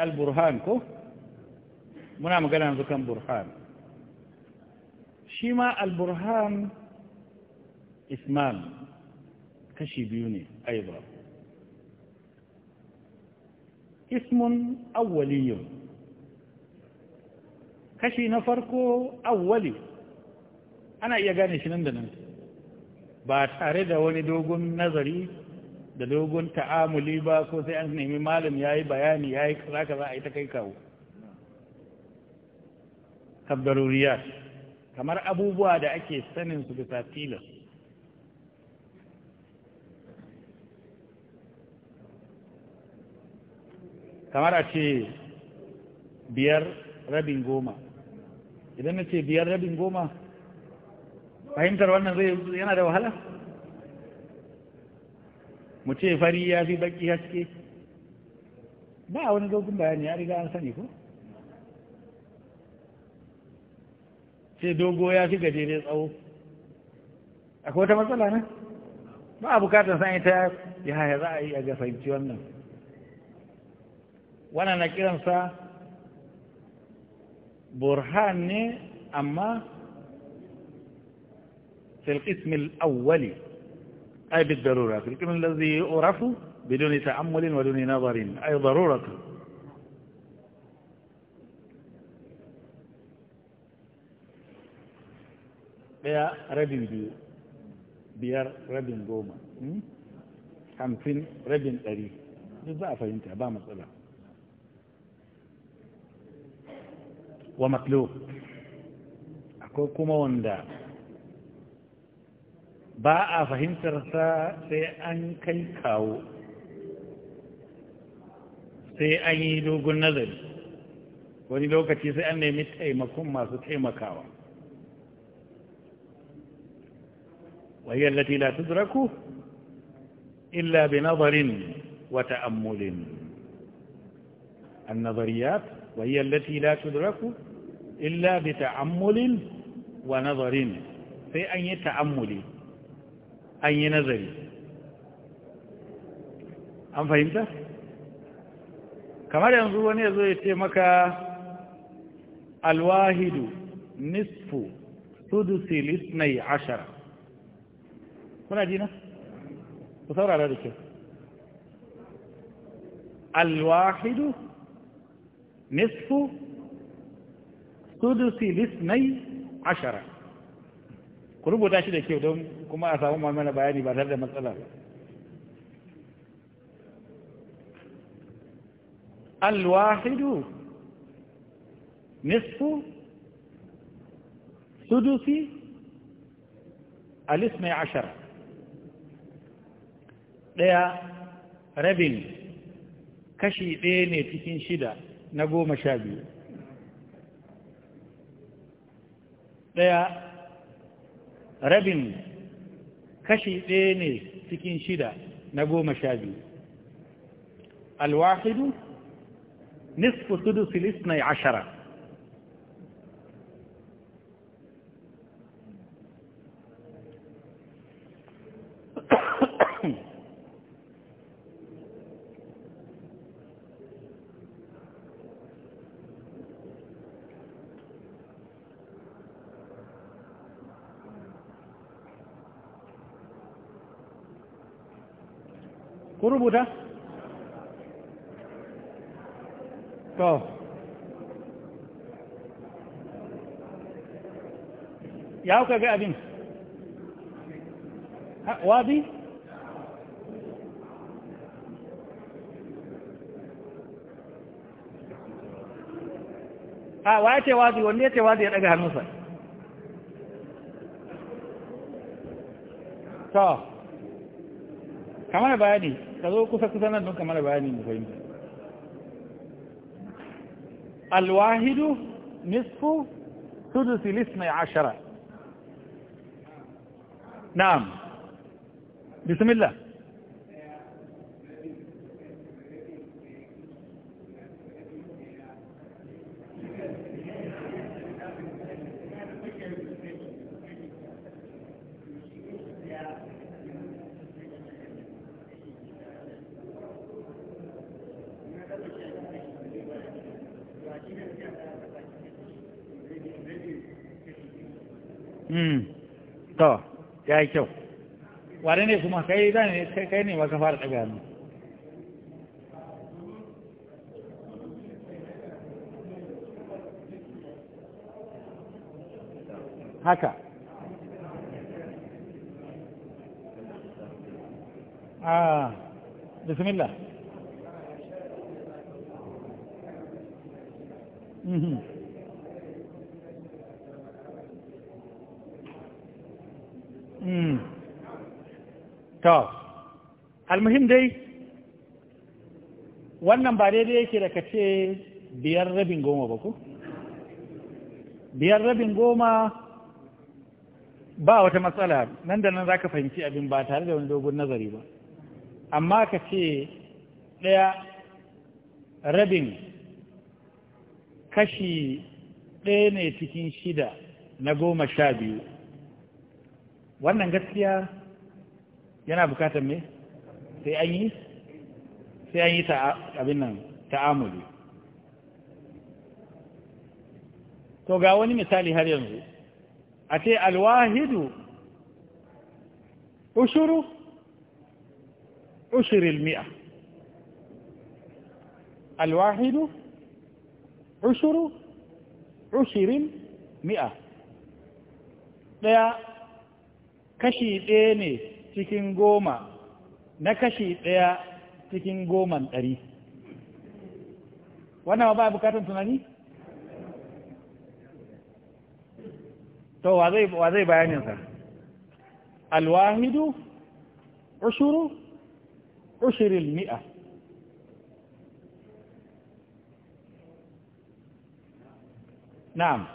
البرهان كو منام قلنا ذكر برهان شما البرهان إسمان كشي بيوني أيضا اسم أولي كشي نفركو أولي أنا إياقاني شنندن أريد دواني دوغن نظري da dogon ta'amuli ba ko sai an nemi malam ya yi bayani ya yi kaza kaza a yi ta kai kawo kabbaruriyar kamar abubuwa da ake sanin su bisa tilas kamar a ce biyar rabin goma idan na ce biyar rabin goma fahimtar wannan zai yana da wahala? mu ce fari ya fi baki haske ba wani dogon bayani ya riga an sani ko sai dogo ya fi gajere tsawo akwai wata matsala ne? ba a bukatar sani ta ya haya za a yi a ga wannan wannan na kiransa burhan ne amma fil qismil awwali أي بالضرورة الكم الذي أعرفه بدون تأمل ودون نظر أي ضرورة يا ربي بي بيار ربي نقوم خمسين ربي نقري نضع فإنت أبا مسألة ومطلوب أكو كما وندا ba a fahimtarsa sai an kai kawo sai an yi dogon nazari wani lokaci sai an nemi taimakon masu taimakawa wahiyar lati la tudraku illa bi nazarin wa ta'ammulin النظريات وهي التي لا تدرك إلا بتعمل ونظر في أن يتعمل an yi nazari an fahimta? kamar yanzu wani ya zo ya ce maka alwahidu nisfu sudusi lisnai ashara kuna jina? ku saurara da ke alwahidu nisfu sudusi lisnai ashara ku rubuta shi da kyau don kuma a samu mamana bayani ba tare da matsala ba alwahidu nisfu sudusi alismai ashara ɗaya rabin kashi ɗaya ne cikin shida na goma sha biyu ɗaya rabin kashi ɗaya ne cikin shida na goma sha biyu alwahidu nisfu sudu silis na ashara ku rubuta to ya kuka ga abin wazi a wa ya ce wazi wanda ya ce wazi ya daga hannunsa to kamar bayani kazo zo kusa kusa nan don kamar bayani mu fahimta alwahidu nisfu sudusi lisnai ashara na'am bismillah ya yi kyau wane ne kuma kai za ne kai ne maka fara ɗaga hannu haka آه بسم الله to almuhim dai wannan ba daidai yake da ka ce biyar rabin goma ba ku biyar rabin goma ba wata matsala nan da nan za ka fahimci abin ba tare da wani dogon nazari ba amma ka ce ɗaya rabin kashi ɗaya ne cikin shida na goma sha biyu wannan gaskiya yana bukatar me sai an yi sai an yi abin nan ta'amuli to ga wani misali har yanzu a ce alwahidu ushuru ushuril mi'a alwahidu ushuru ushirin mi'a ɗaya kashi ɗaya ne cikin goma na kashi ɗaya cikin goman ɗari wannan ba bukatan tunani? to wa zai bayaninsa alwahidu ushuru ushirin mi'a na'am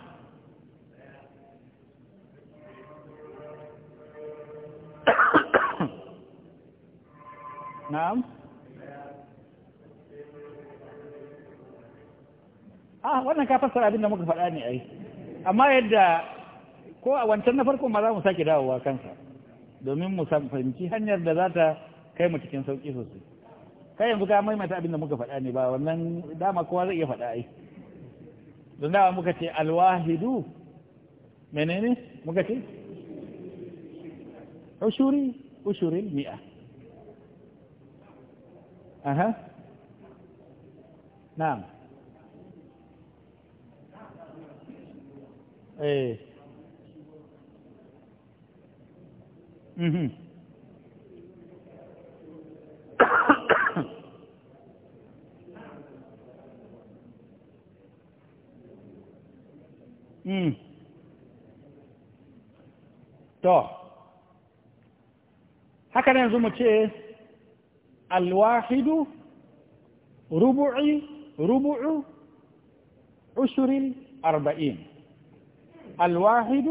نعم ah wannan ka fassara abin da muka faɗa ne ai amma yadda ko a wancan na farkon ma za mu sake dawowa kansa domin mu fahimci hanyar da za ta kai mu cikin sauƙi sosai kai yanzu ka mata abin da muka faɗa ne ba wannan dama kowa zai iya faɗa ai don dama muka ce alwahidu menene muka ce ushuri ushurin mi'a أها نعم ايه امم to haka yanzu mu ce الواحد ربع ربع عشر أربعين الواحد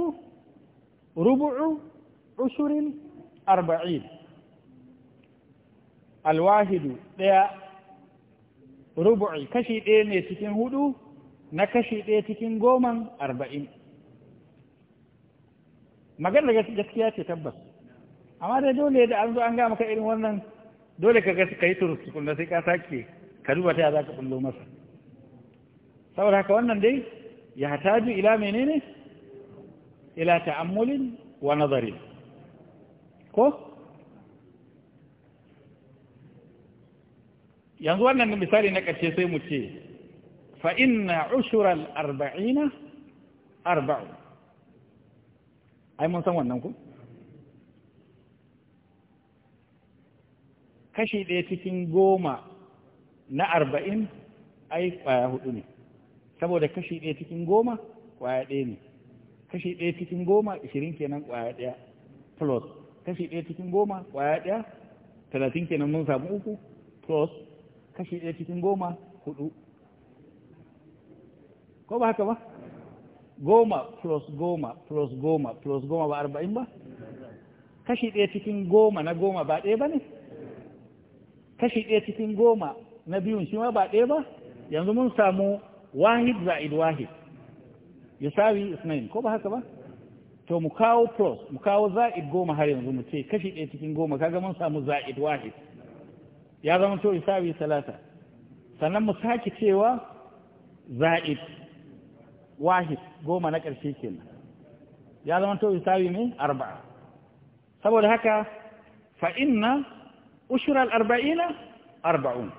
ربع عشر أربعين الواحد يا ربع كشي إيه نسيتين هدو نكشيت إيه تكين قومن أربعين ما قال لك جت جت أما ده دول يد أرضو أنجام كإيرن ونن dole ka gasi ka yi turus tukunna sai ka sake ka duba ta za ka kullo masa saboda haka wannan dai ya taju ila menene ila ta'ammulin wa nazarin ko yanzu wannan misali na ƙarshe sai mu ce fa'inna ushural arba'ina arba'u ai mun san wannan ku kashi ɗaya cikin goma na arba'in ai ƙwaya hudu ne saboda kashi ɗaya cikin goma ƙwaya ɗaya ne kashi ɗaya cikin goma ishirin kenan ƙwaya ɗaya plus kashi ɗaya cikin goma ƙwaya ɗaya talatin kenan mun samu uku plus kashi ɗaya cikin goma hudu ko ba haka ba goma plus goma plus goma plus goma ba arba'in ba kashi ɗaya cikin goma na goma ba ɗaya ba ne kashi ɗaya cikin goma na biyun shi ma ba ɗaya ba yanzu mun samu wahid za'id wahid yusawi isnain ko ba haka ba to mu kawo pros mu kawo za'id goma har yanzu mu ce kashi ɗaya cikin goma kaga mun samu za'id wahid ya zama to yusawi salata sannan mu sake cewa za'id wahid goma na ƙarshe kenan ya zama to yusawi ne arba'a saboda haka fa inna أشر الأربعين أربعون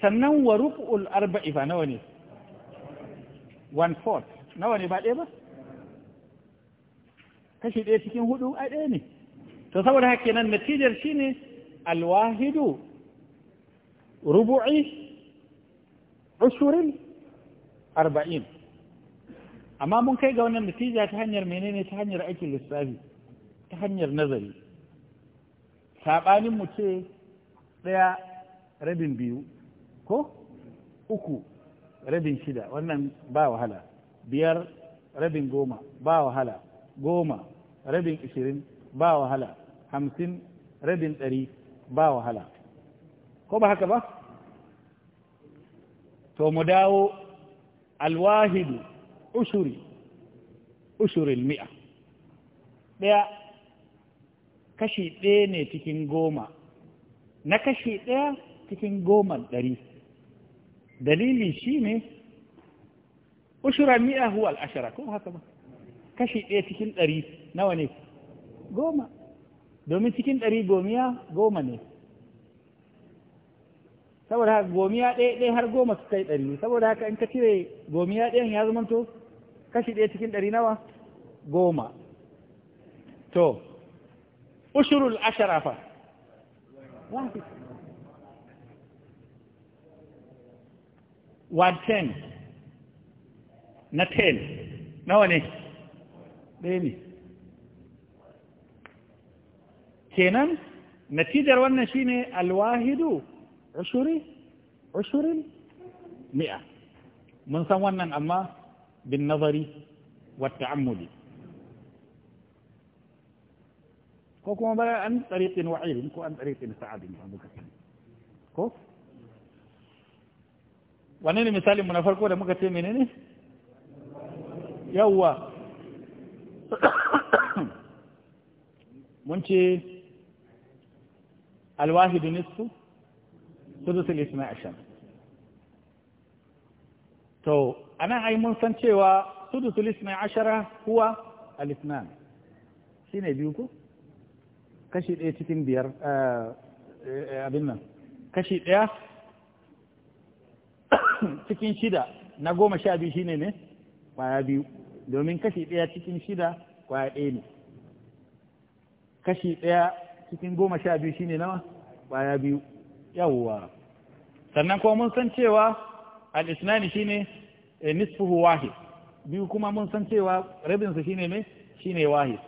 سنن ورقع الأربع فنواني وان فورت نواني بعد إيبا تشد إيتكين هدو أديني تصور هكينا النتيجة الشيني الواحد ربعي عشر أربعين أما ممكن يقولون النتيجة تهنير منين تهنير أجل الأستاذي تهنير نظري saɓanin mu ce ɗaya rabin biyu ko uku rabin shida wannan ba wahala biyar rabin goma ba wahala goma rabin ishirin ba wahala hamsin rabin ɗari ba wahala ko ba haka ba to mu dawo alwahidu ushuri ushurin mi'a ɗaya kashi ɗaya ne cikin goma na kashi ɗaya cikin goma ɗari dalili shi ne ushura mi'a huwa al'ashara ko haka ba kashi ɗaya cikin ɗari nawa ne goma domin cikin ɗari gomiya goma ne saboda haka gomiya ɗaya ɗaya har goma su kai ɗari saboda haka in ka cire gomiya ɗayan ya zamanto kashi ɗaya cikin ɗari nawa goma to أشر الأشرفة واحد واحد ثاني نتين نواني ديني كينان نتيجة روانا شيني الواحد عشر عشر مئة من ثمانا أما بالنظر والتعمل ko kuma ba an tsariƙin wa'irin ko an tsariƙin sa'adin ba muka sani ko wani ne misalin mu na farko da muka ce menene yawwa mun ce alwahidu nisfu sudusul isna ashar to ana ai mun san cewa sudusul isna ashara huwa al-ithnan shine biyu ko kashi ɗaya cikin biyar eh, eh, abin nan kashi ɗaya cikin shida na goma sha biyu shine ne kwaya biyu domin kashi ɗaya cikin shida kwaya ɗaya ne kashi ɗaya cikin goma sha biyu shine nawa kwaya biyu yawwa sannan kuma mun san cewa al-isnani shine eh, nisfuhu wahid biyu kuma mun san cewa rabinsu shine ne shine wahid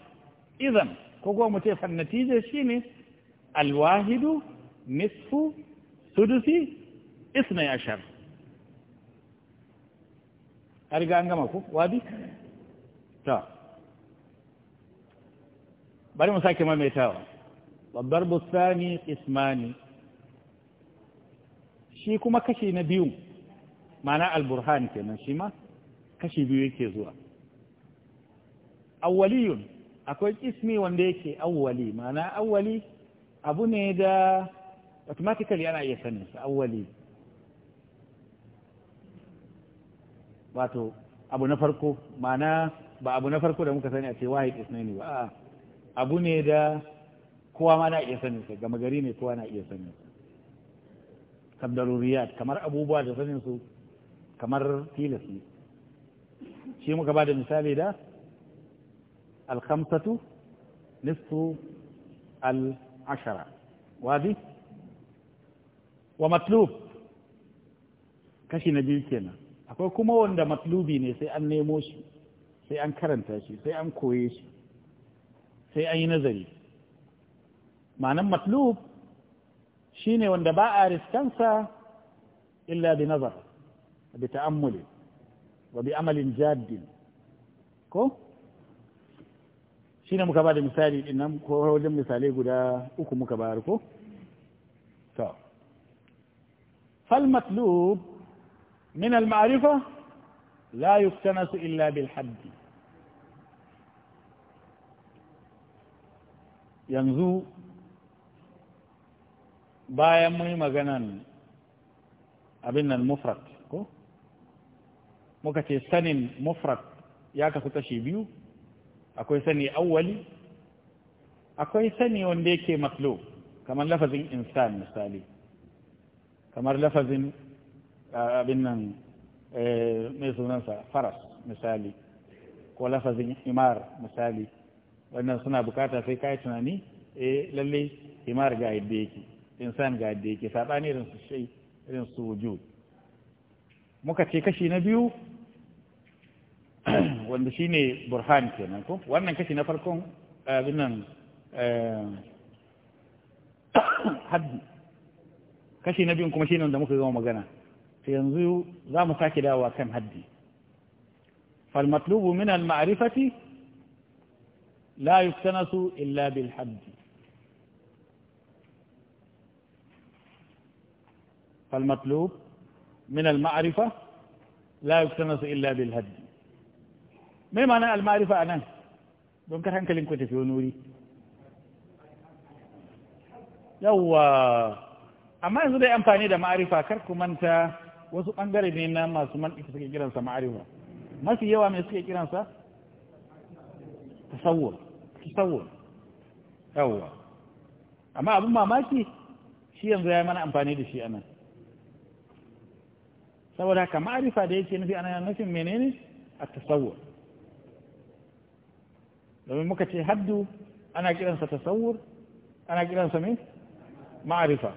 idan فقوم تيفى النتيجة شيني الواحد نصف سدسي اثنى عشر أرجع أنك ما أقول وادي تا بني مساكي ما ميتاوا والضرب الثاني اسماني شيكو ما كشي نبيوم معنى البرهان كنا شيما كشي بيوكي زوا أوليون akwai ismi wanda yake awwali ma'ana awwali abu ne da automatically ana iya sanin sa awwali wato abu na farko ma'ana ba abu na farko da muka sani a ce wahid ne ba abu ne da kowa ma na iya sanin sa gama gari ne kowa na iya sanin sa kabdaruriyat kamar abubuwa da sanin su kamar tilas ne shi muka ba da misali da الخمسة نصف العشرة وهذه ومطلوب كشي نبيل كينا أكو كما وندا مطلوبي نسي أن نيموش سي أن كرنتاشي سي أن كويش سي أي نزلي معنى مطلوب شيني وندا باء رسكنسا إلا بنظر بتأمل وبأمل جاد كو shi ne muka ba da misali din nan ko wajen misalai guda uku muka bayar ko to fal matlub min al ma'rifa la yuftanasu illa bil hadd yanzu bayan mun maganan abin nan mufrad ko muka ce sanin mufrad ya kasu kashi biyu akwai sani awwali akwai sani wanda yake matlo kamar lafazin insan misali kamar lafazin abin nan eh, mai sunansa faras misali ko lafazin imar misali wannan suna bukata sai kayi tunani e lalle imar ga yadda yake insan ga yadda yake saɓani irin su shai irin su wujud muka ce kashi na biyu wanda shi ne burhan ke nan ko wannan kashi na farkon abin nan haddi kashi na biyun kuma shi ne wanda muka zama magana sai yanzu za mu sake dawowa kan haddi min al-ma'rifati فالمطلوب من المعرفة لا يكتنس إلا min al-ma'rifa la yuktanasu illa bil haddi mai ma nan almarifa a nan don kar hankalin ku tafi wani wuri yawwa amma yanzu dai amfani da ma'arifa kar ku manta wasu ɓangare ne na masu mantika suke kiransa ma'arifa mafi yawa mai suke kiransa tasawwur tasawwur yawwa amma abin mamaki shi yanzu ya yi mana amfani da shi a nan saboda haka ma'arifa da yake nufi ana nufin menene a tasawwur لما ممكن تهدو أنا كده تصور أنا كده مين؟ معرفة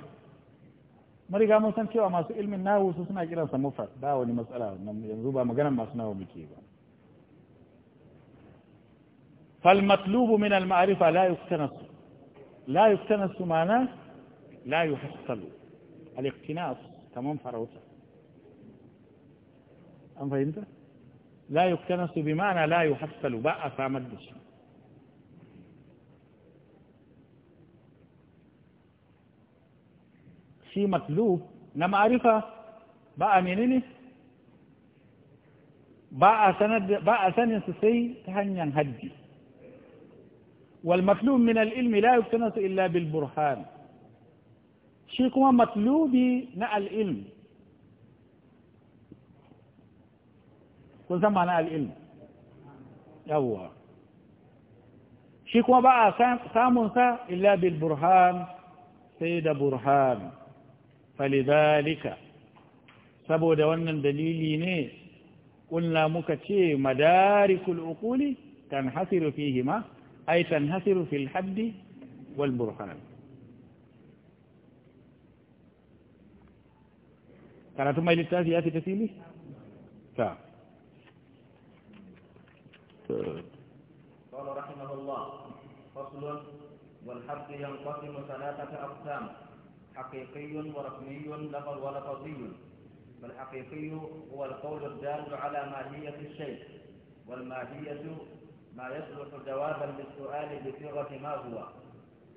مري قاموا سنتي وما سئل من ناو سوسنا كده سمفر دا ولي مسألة ينزوبا مجانا ما سناو يعني مكيبا فالمطلوب من المعرفة لا يقتنص لا يقتنص معنا لا يحصل الاقتناص تمام فروسة أم فهمت؟ لا يقتنص بمعنى لا يحصل باء فعمل shi matlub na ma'arifa ba a menene ba a sanin su sai ta hanyar haddi wal matlub min al-ilmi la yuktanasu illa bil burhan shi kuma matlubi na al'ilm kun san ma na al'ilm yawwa shi kuma ba a samunsa illa bil burhan sai da burhan فلذلك saboda wannan دليلي ني قلنا مكتي مدارك العقول تنحصر فيهما أي تنحصر في الحد والبرهان كانت الى يلتاز ياتي تسيلي تا قال رحمه الله فصل والحد ينقسم ثلاثة أقسام حقيقي ورقمي لفظ ولفظي فالحقيقي هو القول الدال على ماهية الشيء والماهية ما يصلح جوابا للسؤال بصيغة ما هو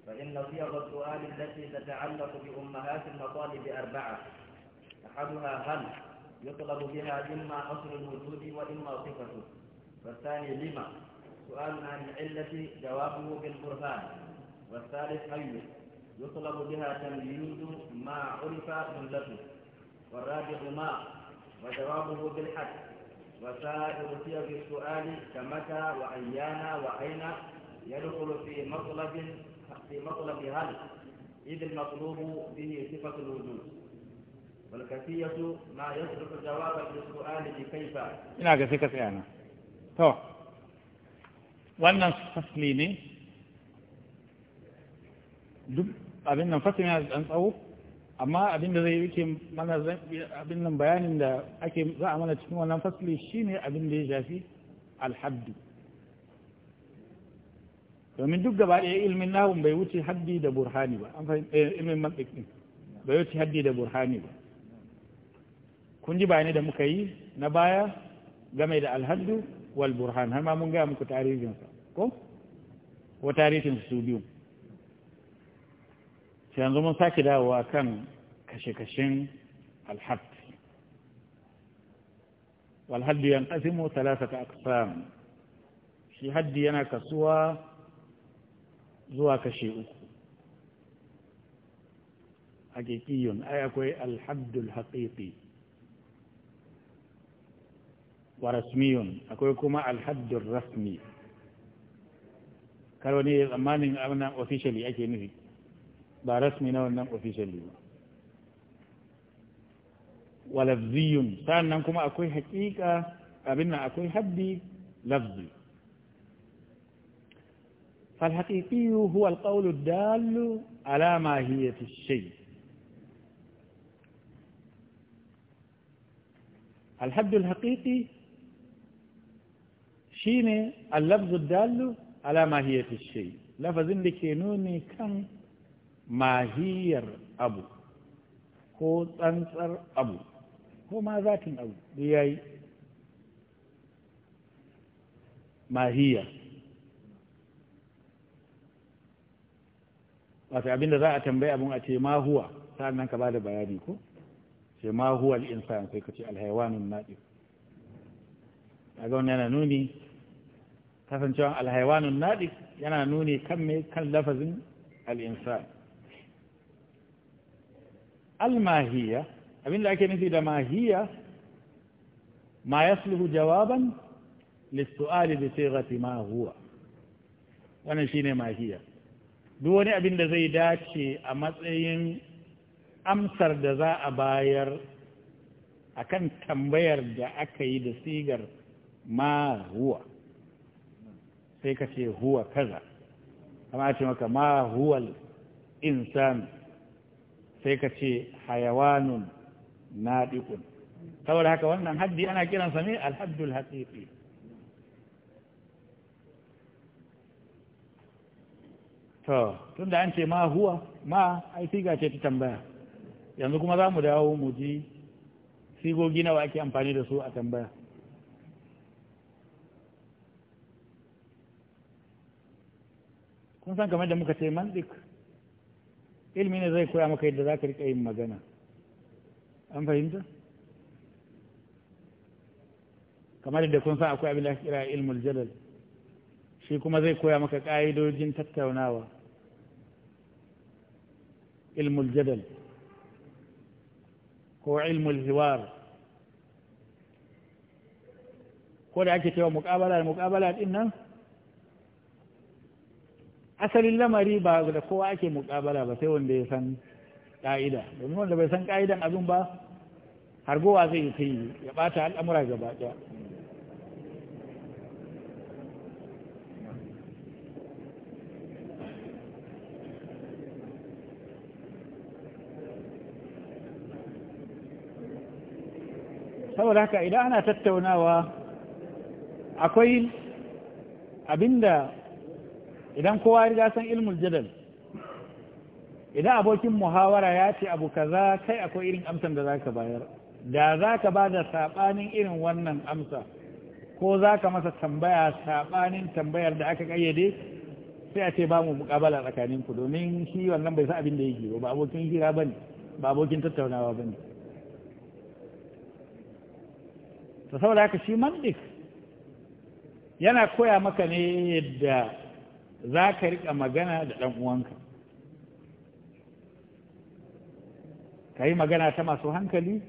فإن صيغ السؤال التي تتعلق بأمهات المطالب أربعة أحدها هل يطلب بها إما أصل الوجود وإما صفته والثاني لما سؤال عن العلة جوابه بالبرهان والثالث أي يطلب بها تمييز ما عرف من لفظ والراجح ما وجوابه بالحد وسائر صيغ السؤال كمتى وأيانا وأين يدخل في مطلب في مطلب هل إذ المطلوب به صفة الوجود والكفية ما يصدق جوابا للسؤال بكيف ina ga sai تو والنص nan abin nan fasin yana da ɗan tsawo amma abin da zai yake mana abin nan bayanin da ake za a mana cikin wannan fasli shine abin da ya shafi alhaddi domin duk gaba ɗaya ilmin nahun bai wuce haddi da burhani ba an fahimta eh, ilmin mantik din bai wuce haddi da burhani ba kun ji bayani da muka yi na baya game da alhaddu wal burhan har ma mun gaya muku tarihinsa ko ko tarihin su biyu sai yanzu mun sake dawowa kan kashe-kashen alhad والحد ينقسم ثلاثة أقسام shi haddi yana kasuwa zuwa kashe uku haƙiƙiyun ai akwai alhaddul haƙiƙi wa rasmiyun akwai kuma alhaddul rasmi kar wani tsammanin abin officially ake nufi ba rasmi na wannan officially ba سان sannan kuma akwai haƙiƙa abin nan akwai فالحقيقي هو القول الدال على ماهية الشيء الحد الحقيقي شين اللفظ الدال على ماهية الشيء لفظ اللي كينوني كان mahiyar abu ko tsantsar abu ko ma zatin abu da ya yi mahiya wato abinda za a tambayi abin a ce mahuwa huwa nan ka ba da bayani ko ce mahuwa huwa al'insan sai ka ce alhaiwanin naɗi a ga yana nuni kasancewa alhaiwanin naɗi yana nuni kan mai kan lafazin al'insan almahiya da ake nufi da mahiyya ma yasluhu jawaban lissu'ali bi sighati ma huwa wannan shine mahiyya duk wani abin da zai dace a matsayin amsar da za a bayar akan tambayar da aka yi da sigar ma huwa sai ka ce huwa kaza amma ce maka ma huwa insan sai ka ce hayawanun naɗiƙun saboda haka wannan haddi ana kiransa ne alhaddul haƙiƙi to tun da an ce ma huwa ma ai siga ce ta tambaya yanzu kuma za mu dawo mu ji sigogi nawa ake amfani da su a tambaya kun san kamar da muka ce mantik علمنا زي كل عمك إلا ذاكرك أي مجانا أم فهمت؟ كما لدي كون فاق كوي بلاك إلى علم الجلل شي كما زي كوي عمك قايد وجن تكا علم الجدل هو علم الحوار كل عكس يوم مقابلات مقابلات إنه asalin lamari ba da kowa ake mukabala ba sai wanda ya san ƙa'ida domin wanda bai san ƙa'idan abin ba gowa zai yi ta ya bata al'amura gaba ɗaya saboda haka idan ana tattaunawa akwai abinda idan kowa riga san ilmul jadal idan abokin muhawara ya ce abu kaza kai akwai irin amsan da zaka bayar da zaka ba da sabanin irin wannan amsa ko zaka masa tambaya sabanin tambayar da aka kayyade sai a ce ba mu mukabala tsakanin ku domin shi wannan bai san abin da yake ba abokin hira bane ba abokin tattaunawa bane to saboda haka shi mandik yana koya maka ne yadda za ka riƙa magana da ɗan uwanka ka yi magana ta masu hankali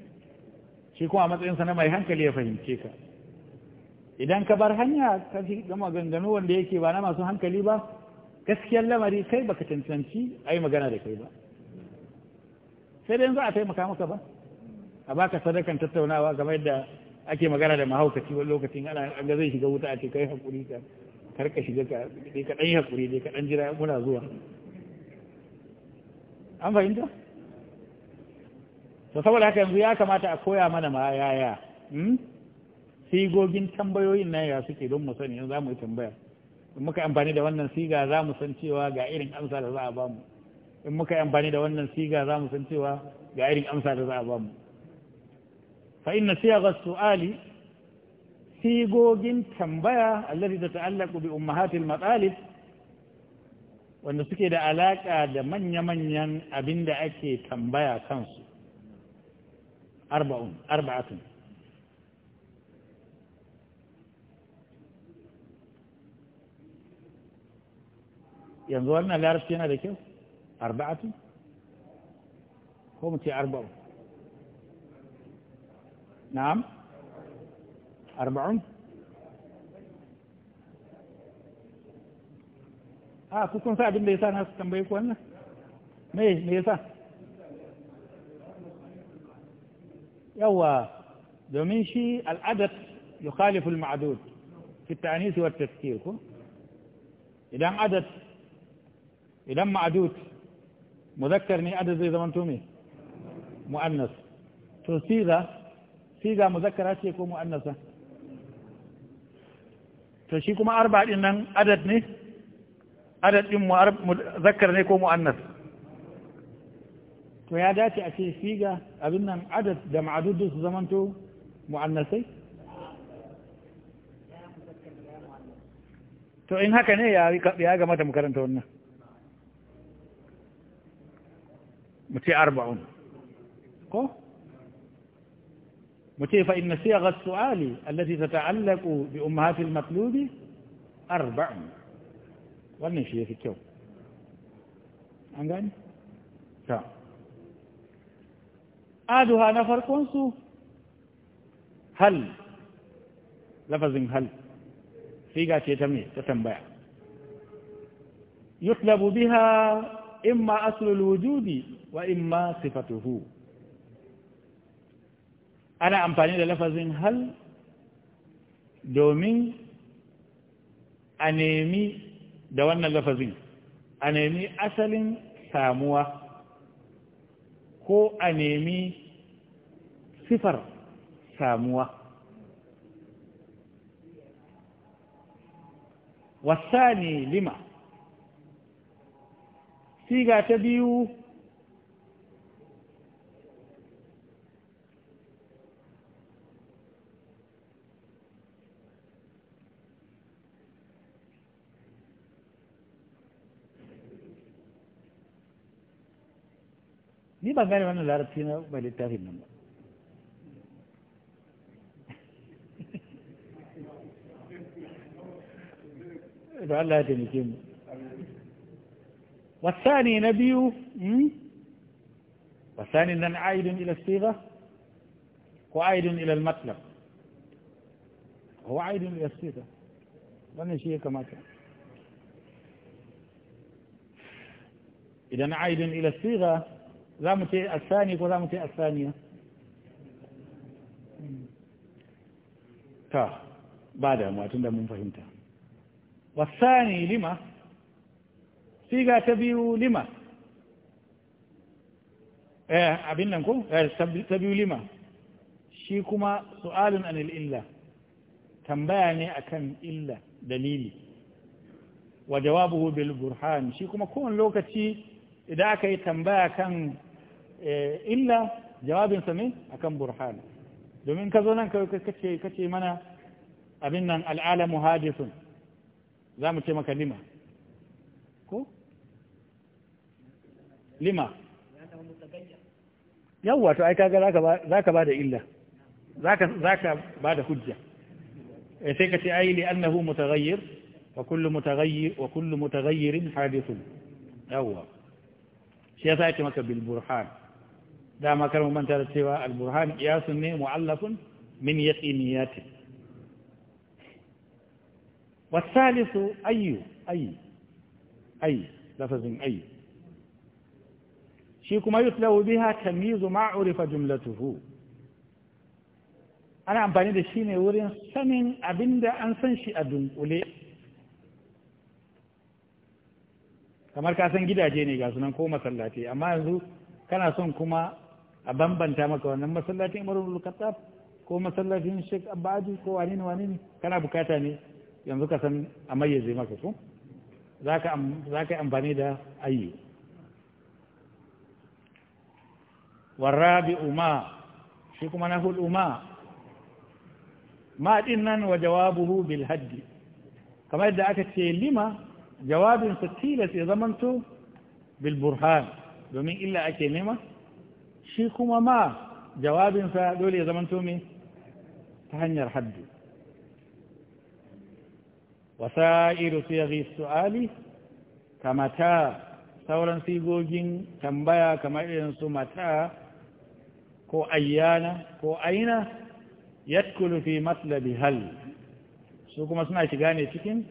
shi kuma a matsayinsa na mai hankali ya fahimce ka idan ka bar hanya ka fi ga maganganu wanda yake ba na masu hankali ba gaskiyar lamari kai baka cancanci a yi magana da kai ba sai dai za a taimaka maka ba a baka sadakan tattaunawa game da ake magana da mahaukaci wani lokacin ana ga zai shiga wuta a ce kai hakuri ka karkashi ka dai ka dan dai ka dan jira muna zuwa an fahimta to saboda haka yanzu ya kamata a koya mana ma yaya hmm? sigogin tambayoyin nan ya suke don mu sani yanzu za mu yi tambaya in muka amfani da wannan siga za mu san cewa ga irin amsa da za a bamu in muka yi amfani da wannan siga za mu san cewa ga irin amsa da za a bamu fa inna siyagha su'ali sigogin tambaya allati tata'allaqu bi ummahatil matalib wanda suke da alaka da manya-manyan abinda ake tambaya kansu arba'un arba'atun yanzu wannan larabci yana da kyau arba'atun ko mu ce arba'un na'am أربع آه كن فاعل ميسان هس كم بيكون مي ميسان يوا دومينشي العدد يخالف المعدود في التأنيث والتذكير إذا عدد إذا معدود مذكر مي عدد زي زمان تومي مؤنث تو سيغا سيغا مذكرة يكون مؤنثة to shi kuma arba'in nan adad ne adad ɗin muzakkar ne ko mu'annas to ya dace a ce siga abin nan adad da ma'adudu su zamanto mu'annasai to in haka ne ya gamata mu makaranta wannan mu ce arba'un ko متي فإن صيغ السؤال التي تتعلق بأمهات المطلوب أربع والنشية في الكو أنجاني تا آدها نفر كونسو هل لفظ هل في قاتي تمي تتنبع يطلب بها إما أصل الوجود وإما صفته ana amfani da lafazin hal domin a nemi da wannan lafazin a nemi asalin samuwa ko a nemi sifar samuwa wasani lima siga ta biyu دي ما قالوا أنا لا رتينا وما للتاهي منه والثاني نبي والثاني أن عائد إلى الصيغة وعائد إلى المطلق هو عائد إلى الصيغة وأنا شيء كما كان إذا عائد إلى الصيغة za mu ce asani ko za mu ce asaniya ta ba da tun da mun fahimta wasani lima siga ta biyu lima eh abin nan ko eh, ta biyu lima shi kuma su'alun anil illa tambaya ne akan illa dalili wa jawabuhu bil burhan shi kuma kowane lokaci idan aka yi tambaya kan Eh, illa jawabinsa ne akan burhan domin ka zo nan ka ce mana abin nan al'alamu hadisun za mu ce maka lima ko lima yawwa to ai kaga za ka ba da illa za ka ba da hujja eh, sai ka ce ai li annahu mutaghayyir wa kullu mutaghayyir wa kullu mutaghayyirin hadithun yawwa shi yasa yake maka bil burhan dama kar mu manta da cewa al-burhan qiyasun ne mu'allafun min yaqiniyati wasalisu ayyu ayyu ayyu lafazin ayyu shi kuma yutlawu biha tamyizu ma urifa jumlatuhu ana amfani da shi ne wurin sanin abinda an san shi a dunkule kamar ka san gidaje ne ga sunan ko masallaci amma yanzu kana son kuma a bambanta maka wannan masallacin Umar ibn Khattab ko masallacin Sheikh Abadi ko wani ne wani ne kana bukata ne yanzu ka san a mayyaze maka ko zaka zaka yi amfani da ayyu warabi'u ma shi kuma na hudu ma ma din nan wa jawabuhu bil haddi kamar yadda aka ce lima jawabin sa tilas ya zamanto bil burhan domin illa ake nema shi kuma ma jawabinsa dole ya zamanto me ta hanyar haddi wasa'iru siyaghi su'ali kamata sauran sigogin tambaya kamar irin su mata ko ayyana ko aina yadkulu fi matlabi hal su kuma suna shiga ne cikin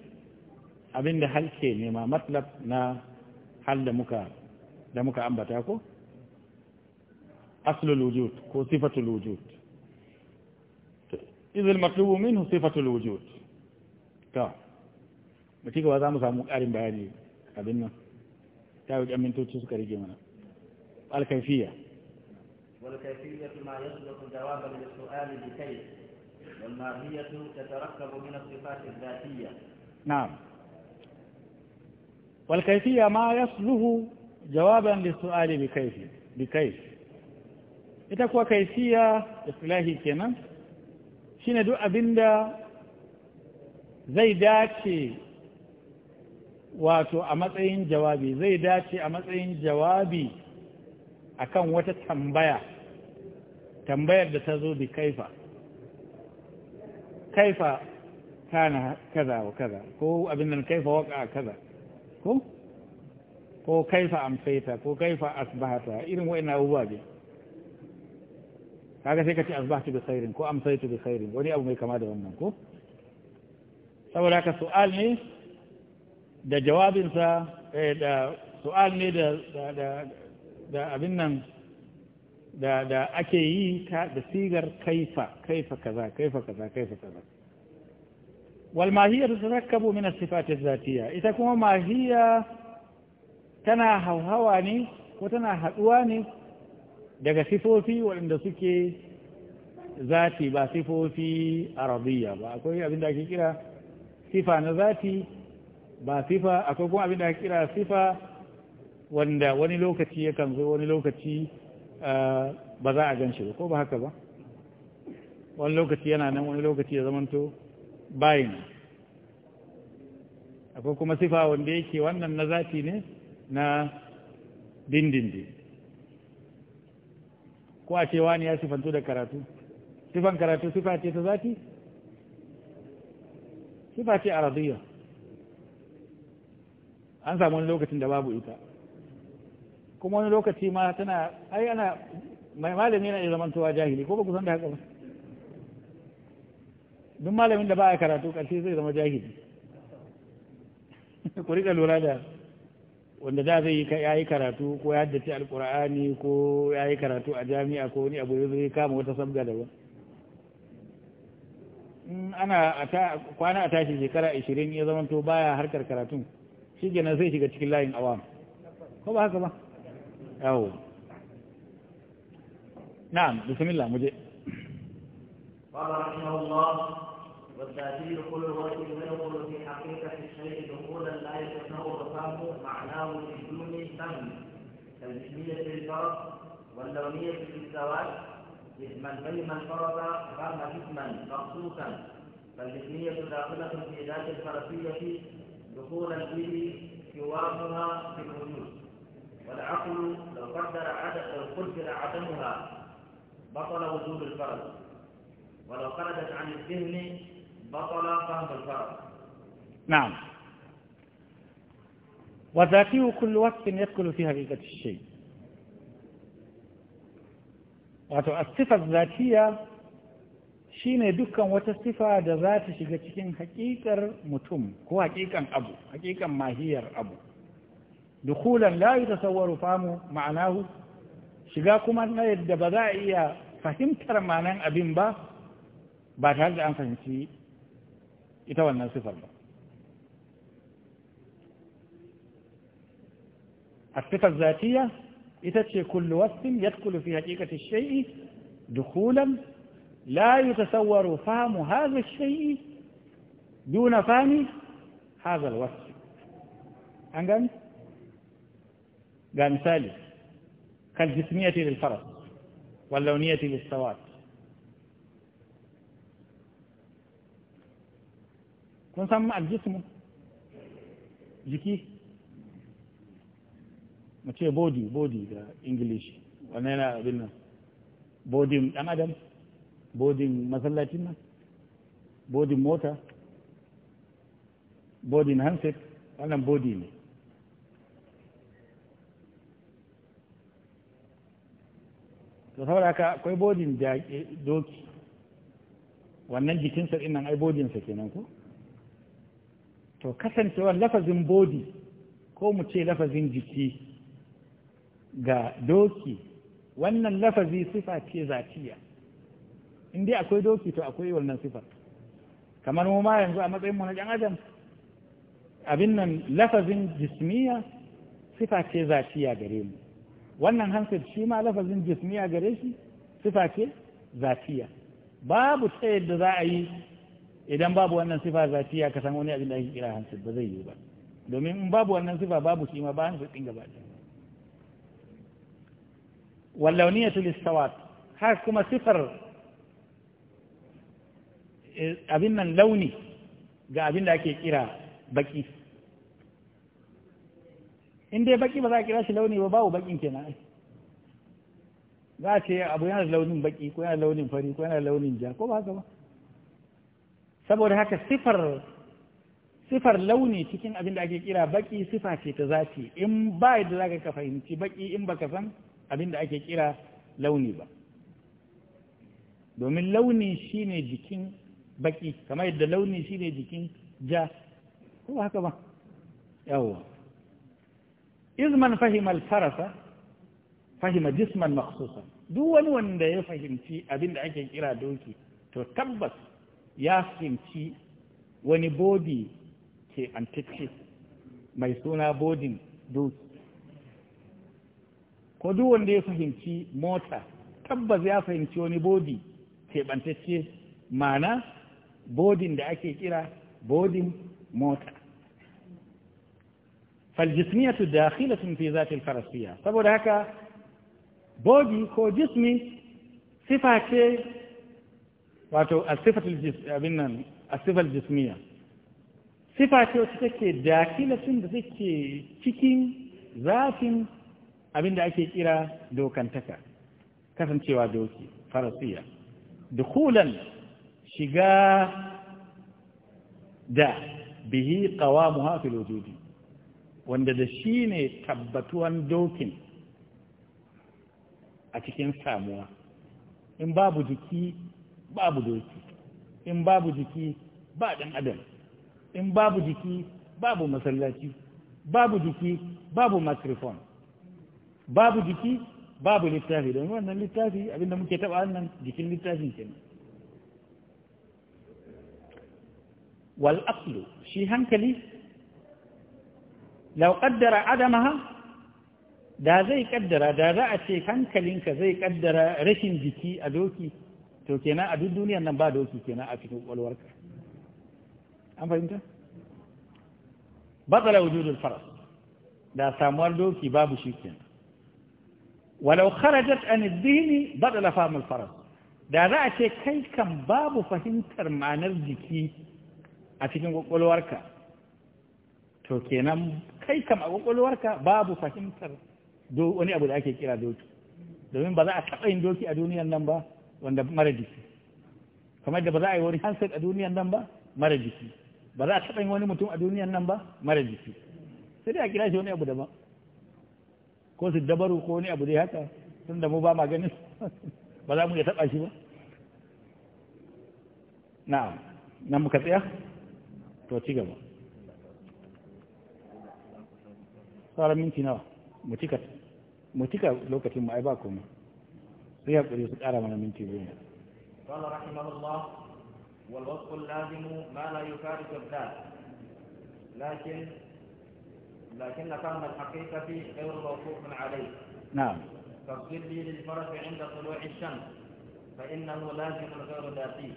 abinda da ke nema matlab na hal da muka ambata ko أصل الوجود وصفة الوجود إذا المطلوب منه صفة الوجود تا متيك وذا مسامو قارن بعدي أبنا تا أمين كريجي منا الكيفية والكيفية ما يصلح جوابا للسؤال بكيف والماهية تتركب من الصفات الذاتية نعم والكيفية ما يصله جوابا للسؤال بكيف بكيف ita kuwa kaifiya islahi kenan shi ne duk abinda zai dace wato a matsayin jawabi zai dace a matsayin jawabi akan wata tambaya tambayar da ta zo bi kaifa kaifa kana kaza wa kaza ko abin nan kaifa waka kaza ko ko kaifa amfaita ko kaifa asbahata irin wa'ina abubuwa biyu kaga sai ka ce asbahtu bi khairin ko amsaytu bi khairin wani abu mai kama da wannan ko saboda haka su'al ne da jawabinsa eh, da su'al ne da da abin nan da da ake yi da sigar kaifa kaifa kaza kaifa kaza kaifa kaza wal mahiyya tatarakabu min as-sifat adh-dhatiyya ita kuma mahiyya tana hawhawa ne ko tana haduwa ne daga sifofi waɗanda suke zati ba sifofi arabiya ba akwai abin da ake kira sifa na zati ba sifa akwai kuma abin da ake kira sifa wanda wani lokaci kan zo wani lokaci eh, ba za a gan shi ba ko ba haka ba wani lokaci yana nan wani lokaci ya zamanto bayan akwai kuma sifa wanda yake wannan na zati ne na dindindin ko a ce ne ya sifantu da karatu sifan karatu sifa ce ta zaki sifa ce aradiyya an samu wani lokacin da babu ita kuma wani lokaci ma tana ai ana mai malami na iya zamantowa jahili ko ba ku san da haka ba duk malamin da ba a karatu ƙarshe zai zama jahili ku riƙa lura da wanda da zai yi karatu ko ya haddace alkur'ani ko ya yi karatu a jami'a ko wani abu zai kama wata sabga da daban ana kwana a tashi shekara ashirin ya zama to baya harkar karatun shi kenan sai shiga cikin layin awam ko ba haka ba yawo na'am bismillah muje والتأثير كل وجه يدخل في حقيقة الشيء دخولا لا يتصور فهمه معناه بدون فهم كالجسمية الفرق واللونية للزواج جسما فهم الفرد فهم جسما مخصوصا فالجسمية داخلة في ذات الفرسية دخولا فيه سواها في الوجود والعقل لو قدر عدد لو قدر عدمها بطل وجود الفرد ولو خرجت عن الذهن بطل فهم الفرد نعم وذاته كل وصف يدخل في حقيقة الشيء wato a sifar zatiya shine dukkan wata sifa da za ta shiga cikin hakikar mutum ko hakikan abu hakikan mahiyar abu dukulan la yi tasawwaru famu ma'anahu shiga kuma na yadda ba za a iya fahimtar ma'anan abin ba ba tare da an fahimci يتولى صفة الله الصفة الذاتية إذا كل وصف يدخل في حقيقة الشيء دخولا لا يتصور فهم هذا الشيء دون فهم هذا الوصف أنقل قام ثالث كالجسمية للفرس واللونية للسواد kun san aljismu jiki mu ce body body da english wannan yana abin nan bodin dan adam bodin masallacin nan bodin mota bodin handset wannan body ne to saboda haka akwai da doki wannan jikinsa ɗin nan ai bodinsa kenan ko to kasancewar lafazin bodi ko mu ce lafazin jiki ga doki wannan lafazi sifa ce zatiya in dai akwai doki to akwai wannan sifa kamar mu ma yanzu a matsayin mu na ɗan adam abin nan lafazin jismiya sifa ce zatiya gare mu wannan hansar shi ma lafazin jismiya gare shi sifa ce zatiya babu ta yadda za a yi idan babu wannan sifa zatiya ka san wani abin da ake kira hansu ba zai yi ba domin in babu wannan sifa babu shi ma ba hansu ɗin gaba ɗaya wallauniyatu tuli har kuma sifar eh, abin nan launi ga abin da ake kira baki in dai baki ba za a kira shi launi ba babu bakin kenan za a ce abu yana launin baki ko yana launin fari ko yana launin ja ko ba haka ba saboda haka sifar sifar launi cikin abin da ake kira baki sifa ce ta zati in ba da zaka ka fahimci baki in ba ka san abin da ake kira launi ba domin launi shine jikin baki kamar yadda launi shine jikin ja ko haka ba Yawon. izman fahimar farasa fahima jisman maksusa duk wani wanda ya fahimci abin da ake kira doki to tabbas ya fahimci wani bodi ke mai suna bodin duk ko duk wanda ya fahimci mota tabbas ya fahimci wani bodi keɓantacce mana bodin da ake kira bodin mota faljismiyatu dakhilatun fi zatil farasiya saboda haka bodi ko jismi sifa ce wato asifatul abin nan jismiya sifa ce wacce take dakilatin da take cikin zafin abin da ake kira dokantaka kasancewa doki farasiya dukulan shiga da bihi qawamuha fil wujudi wanda da shi ne tabbatuwan dokin a cikin samuwa in babu jiki babu doki in babu jiki ba ɗan adam in babu jiki babu masallaci babu jiki babu microphone babu jiki babu littafi don wannan littafi abinda muke taɓa wannan jikin littafin kenan wal aqlu shi hankali law qaddara adamaha da zai kaddara da za a ce hankalinka zai kaddara rashin jiki a doki to kenan a duk duniyar nan ba doki kenan a cikin kwalwarka an fahimta batsala wujudul faras da samuwar doki babu shi kenan walau kharajat an addini batsala famul faras da za a ce kai kan babu fahimtar ma'anar jiki a cikin kwakwalwarka to kenan kai kam a kwakwalwarka babu fahimtar wani abu da ake kira doki domin ba za a taɓa yin doki a duniyar nan ba wanda mara jiki kamar da ba za a yi wani hansar a duniyan nan ba mara jiki ba za a taɓa yin wani mutum a duniyan nan ba mara jiki sai dai a kira shi wani abu daban ko su dabaru ko wani abu dai haka tun da mu ba ma ganin ba za mu iya taɓa shi ba na'am nan muka tsaya to ci gaba sauran minti nawa mu cika lokacin mu ai ba komai sai hakuri su ƙara mana قال رحمه الله والوصف اللازم ما لا يفارق الذات لكن لكن فهم الحقيقة غير موقوف عليه نعم فاغفر لي للفرس عند طلوع الشمس فإنه لازم غير ذاتي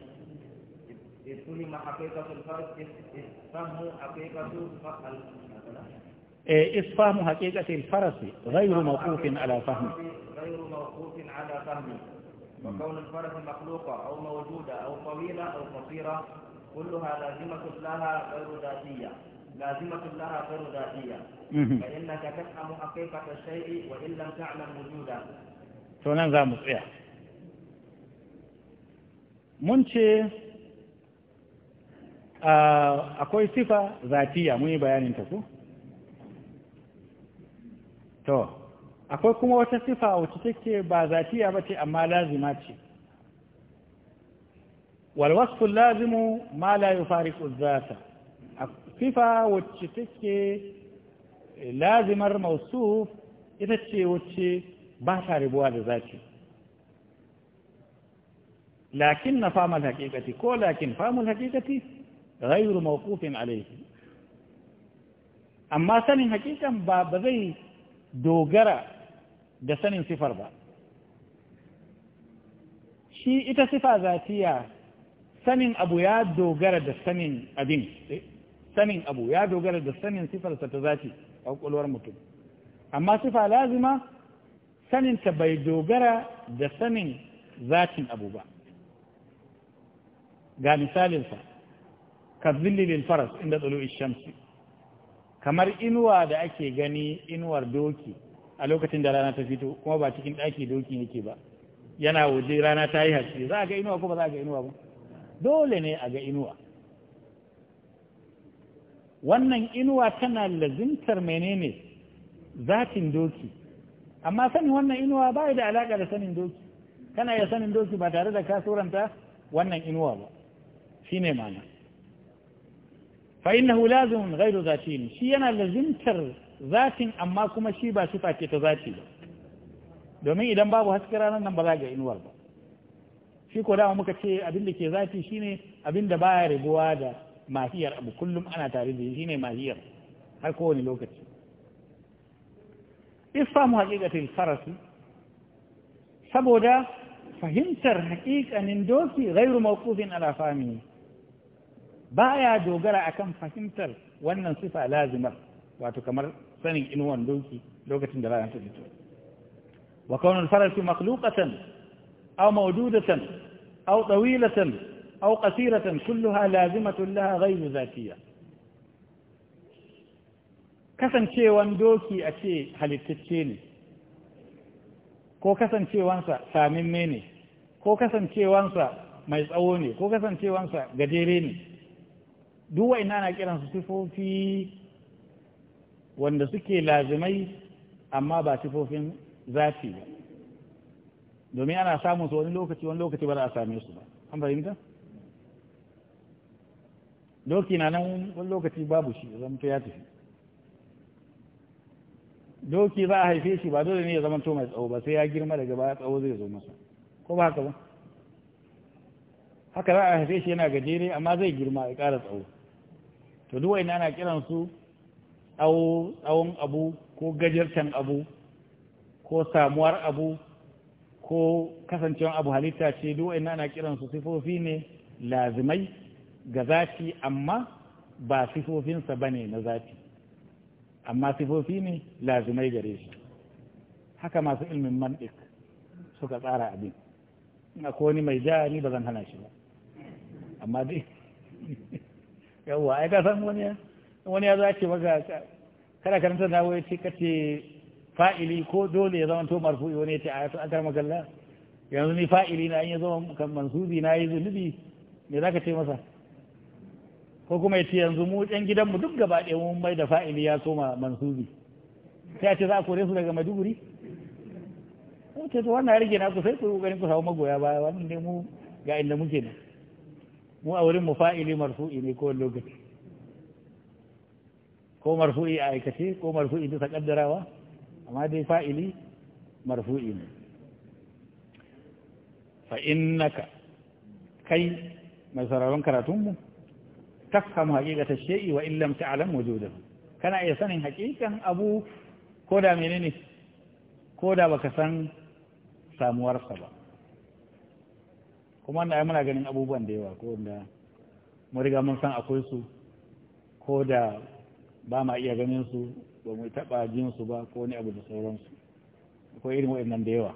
إذ فهم حقيقة الفرس إذ فهم حقيقة إيه، إذ فهم حقيقة الفرس غير موقوف على فهمه غير موقوف على فهمه وكون الفرس مخلوقة أو موجودة أو طويلة أو قصيرة كلها لازمة لها غير ذاتية لازمة لها غير ذاتية فإنك تفهم حقيقة الشيء وإن لم تعلم وجوده تونان za mu منشي mun ce akwai sifa zatiya mun yi bayanin ta ku to akwai kuma wata sifa wacce take ba zatiya ba ce amma lazima ce walwasfin lazimu ma layu fariƙo zata a sifa wacce take lazimar mausu ita ce wacce ba ta ribuwa da zaki lakin na famar hakikati ko lakin famar hakikati, rayu da mawakufin alaihi amma sanin hakikan ba zai dogara da sanin sifar ba shi ita sifa zatiya sanin abu ya dogara da sanin abin eh, sanin abu ya dogara da sanin sifarsa ta zati a ƙwaƙwalwar mutum amma sifa lazima saninta bai dogara da sanin zatin abu ba ga misalinsa ka zillilin faras inda tsalo ishamsi, kamar inuwa da ake gani inuwar doki a lokacin da rana ta fito kuma ba cikin ɗaki doki yake ba yana waje rana ta yi haske za a ga inuwa ko ba za a ga inuwa ba dole ne a ga inuwa wannan inuwa tana lazimtar menene zatin doki amma sanin wannan inuwa ba da alaƙa da sanin doki kana iya sanin doki ba tare da kasuranta wannan inuwa ba shi ne mana fa innahu lazim gairu zafi shi yana lazimtar Zafin amma kuma shi ba sifa ce ta zati ba domin idan babu haske ranar nan ba za ga inuwar ba shi ko dama muka ce abin da ke zafi shine abin da baya rabuwa da mahiyar abu kullum ana tare da shi shine mahiyar har kowane lokaci isfamu haqiqatil farasi saboda fahimtar haƙiƙanin doki gairu mawqufin ala fami baya dogara akan fahimtar wannan sifa lazimar wato kamar sanin inuwan doki lokacin da rayanta ta fito wa kaunul farashi makhluqatan aw mawdudatan aw tawilatan aw qasiratan kulluha lazimatun laha ghayru zatiyya kasancewan doki a ce halittacce ne ko kasancewansa samimme ne ko kasancewansa mai tsawo ne ko kasancewansa gajere ne duk wa'ina na kiransu sifofi wanda suke lazimai amma ba sifofin zafi ba domin ana samun su wani lokaci wani lokaci ba za a same su ba an fahimta doki na nan wani lokaci babu shi zamto ya tafi doki za a haife shi ba dole ne ya to mai tsawo ba sai ya girma daga baya tsawo zai zo masa ko ba haka ba haka za a haife shi yana gajere amma zai girma ya ƙara tsawo to duk na ana kiran su tsawon abu ko gajartan abu ko samuwar abu ko kasancewar abu halitta ce duk ina ana kiransu sifofi ne lazimai ga zafi amma ba sifofinsa ba ne na zafi amma sifofi ne lazimai gare shi haka masu ilmin mantik suka tsara abin na wani mai ja ni ba zan hana shi ba amma dai yawwa ai ka san wani wani ya zo ya ce maka kana karanta na wai ce kace fa'ili ko dole ya zama to marfu'i wani ya ce a yato karma kalla yanzu ni fa'ili na in ya zama kan mansubi na yi zunubi me za ka ce masa ko kuma ya ce yanzu mu ɗan gidanmu duk gaba ɗaya mun mai da fa'ili ya soma mansubi sai a ce za a kore su daga maduguri ko ce to wannan ya rage na ku sai ku ganin ku samu magoya baya wannan ne mu ga inda muke ne mu a wurin mu fa'ili marfu'i ne ko lokaci ko marfu'i a aikace ko marfu'i bisa kaddarawa amma dai fa'ili marfu'i ne fa innaka kai mai sauraron karatunmu tafhamu haqiqata shay'i wa illam alam wajodin kana iya sanin haqiqan abu ko da menene ko da baka san samuwarsa ba kuma wanda muna ganin abubuwan da yawa ko da mun riga mun san akwai su ko da ba ma iya ganin su ba mu taɓa jin su ba ko ne abu da sauransu akwai irin waɗannan da yawa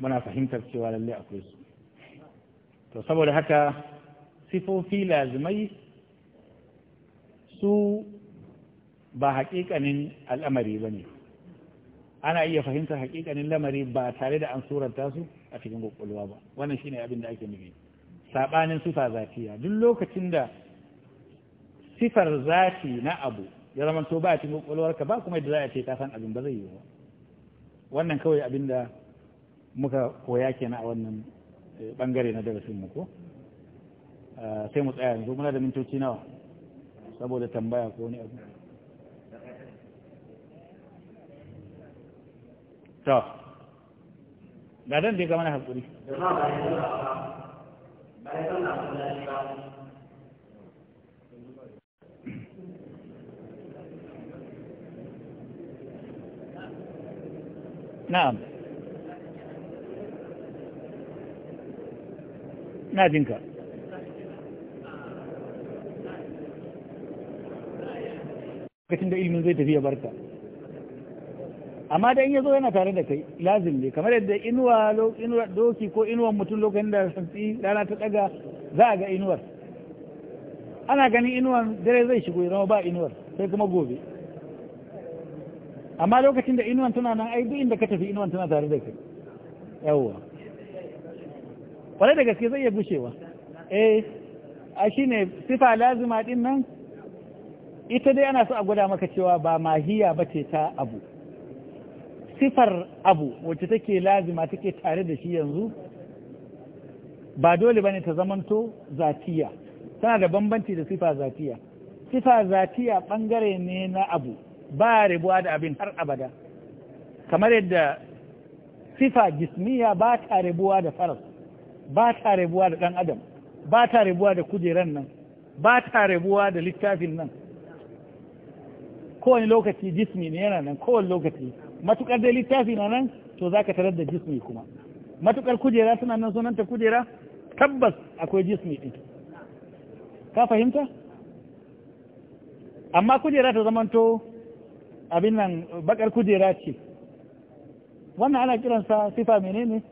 muna fahimtar cewa lalle akwai su to saboda haka sifofi lazimai su ba haƙiƙanin al'amari ba ne ana iya fahimtar haƙiƙanin lamari ba tare da an suranta su a cikin kwakwalwa ba wannan shine abin da ake nufi saɓanin sifa zafiya duk lokacin da sifar zafi na abu ya zama to ba cikin kwakwalwarka ba kuma da za a ce ta san abin ba zai yi ba wannan kawai abin da muka koya kenan a wannan bangare eh, na darasin mu ko ah, sai mu tsaya yanzu muna da mintoci nawa saboda tambaya ko wani abu to ba zan da ya mana hakuri bayan na'am na jinka lokacin da ilimin zai tafi ya barka amma da in ya zo yana tare da kai lazim ne kamar yadda inuwa doki ko inuwan mutum lokacin da santsi rana ta daga za a ga inuwar ana ganin inuwan dare zai shigo ya zama ba inuwar sai kuma gobe amma lokacin da inuwan tana nan ai inda ka tafi inuwan tana tare da kai yawwa kwarai da gaske zai iya gushewa eh a shine sifa lazima din nan ita dai ana so a gwada maka cewa ba mahiya ba ce ta abu sifar abu wacce take lazima take tare da shi yanzu ba dole bane ta zamanto zatiya tana da bambanci da sifa zatiya sifa zatiya bangare ne na abu ba rabuwa da abin har abada kamar yadda sifa jismiya ba ta rabuwa da faras ba ta rabuwa da ɗan adam ba ta rabuwa da kujeran nan ba ta rabuwa da littafin nan kowane lokaci jismi ne yana nan kowane lokaci matukar da littafi na nan to za ka tarar da jismi kuma matukar kujera suna nan sunanta kujera tabbas akwai jismi ɗin ka fahimta amma kujera ta zamanto abin nan bakar kujera ce wannan ana kiransa sifa menene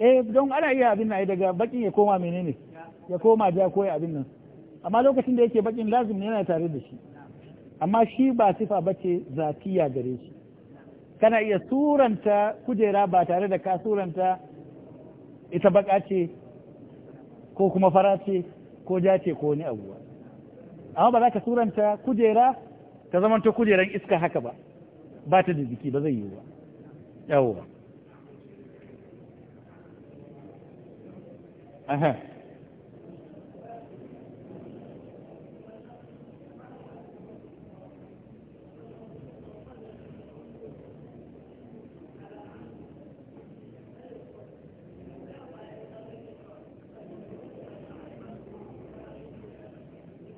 eh don ana iya abin nan daga bakin ya koma menene ya koma ja koya abin nan amma lokacin da yake bakin lazim ne yana tare da shi amma shi ba sifa bace zatiya gare shi kana iya suranta kujera ba tare da ka suranta ita baka ce ko kuma fara ce ko ja ce ko wani abuwa amma ba za ka suranta kujera ta zamanto kujeran iska haka ba ba ta da jiki ba zai yi ba yawo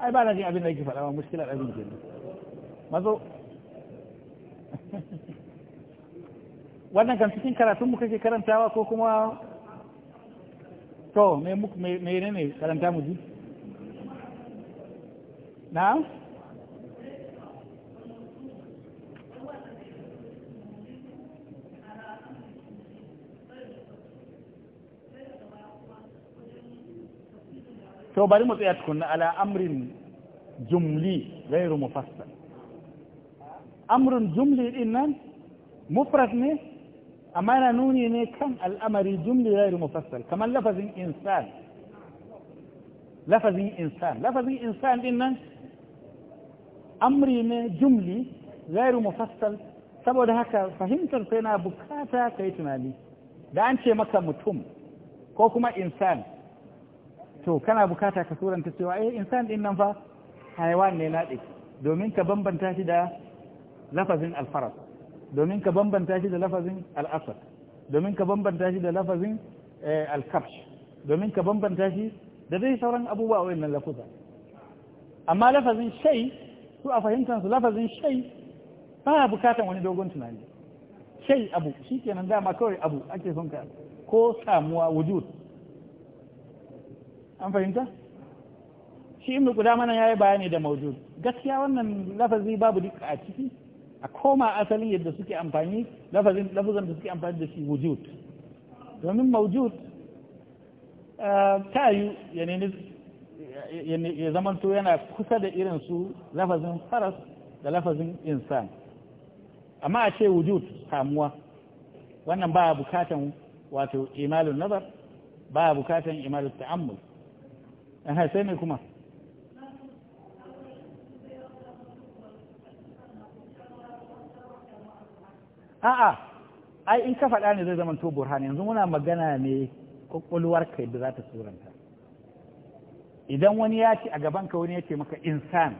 ai ba na jin abin da yake faɗa ba muskila da abin ke mazo wannan kan cikin karatun mu kake karantawa ko kuma to me me ne ne karanta mu ji na'am to bari mu tsaya tukunna ala amrin jumli ghairu mufassal amrin jumli din nan mufras ne amma yana nuni ne kan al'amari jumli ghairu mufassal kamar lafazin insan lafazin insan lafazin insan din nan amri ne jumli ghairu mufassal saboda haka fahimtar sai na bukata kai tunani da an ce maka mutum ko kuma insan to kana bukata ka suranta cewa eh insan din nan fa haiwan ne na naɗi domin ka bambanta shi da lafazin alfaras domin ka bambanta shi da lafazin al'asar domin ka bambanta shi da lafazin eh, alkafsh domin ka bambanta shi da dai sauran abubuwa wayannan lafuza amma lafazin shai su a fahimtansu lafazin shai ba bukatan wani dogon tunani shai abu shikenan dama kawai abu ake son ka ko samuwa wujud an fahimta shi ibnu mana ya yi bayani da maujud gaskiya wannan lafazi babu duk a ciki a koma asalin yadda suke amfani lafazin da suke amfani da shi wujud domin maujud eh, ta yi ya zamanto yana kusa da irin su lafazin faras da lafazin insan amma a ce wujud samuwa wannan ba bukatan wato imalun nazar ba bukatan imalun ta'ammul aha sai mai kuma a'a ai in ka faɗa ne zai zama to burhan yanzu muna magana ne kwakwalwar ka yadda za ta suranta idan wani ya ce a gaban ka wani ya ce maka insan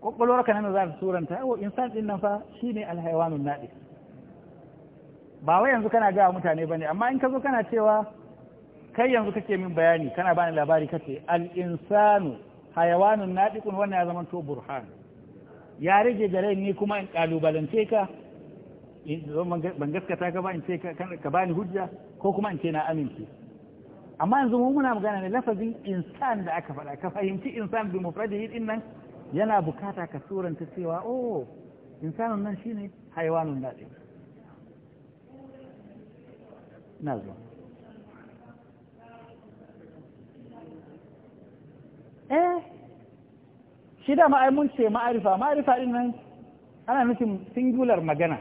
kwakwalwar ka nan za ta suranta yawo insan din nan fa ne alhaiwanun naɗi ba wai yanzu kana gawa mutane ba ne amma in ka zo kana cewa kai yanzu kake min bayani kana bani labari kace al-insanu hayawanun nadiqun wannan ya zama to burhan ya rage rai ni kuma in kalubalance ka ban gaskata ka ba in ce ka bani hujja ko kuma in ce na amince amma yanzu mu muna magana ne lafazin insan da aka faɗa ka fahimci insan bi mufradihi din nan yana bukata ka suranta cewa oh insanun nan shine hayawanun daɗi eh shi da ma'ai mun ce ma'arifa ma'arifa din nan ana nufin singular magana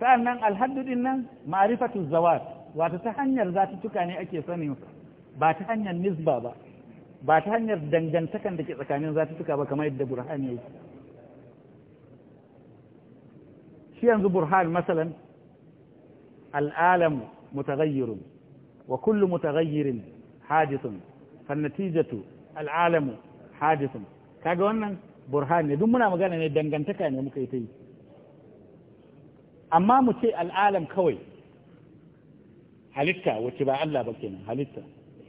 sa'an nan alhaddu din nan ma'arifatu zawat wato ta hanyar tuka ne ake sani ba ta hanyar nisba ba ba ta hanyar dangantakan da ke tsakanin tuka ba kamar yadda burhani yi shi yanzu burhan masalan al'alam mutaghayyirun وكل متغير حادث فالنتيجة العالم حادث kaga wannan burhan duk muna magana ne dangantaka ne muka yi ta amma mu ce al'alam kawai halitta wacce ba Allah ba kenan halitta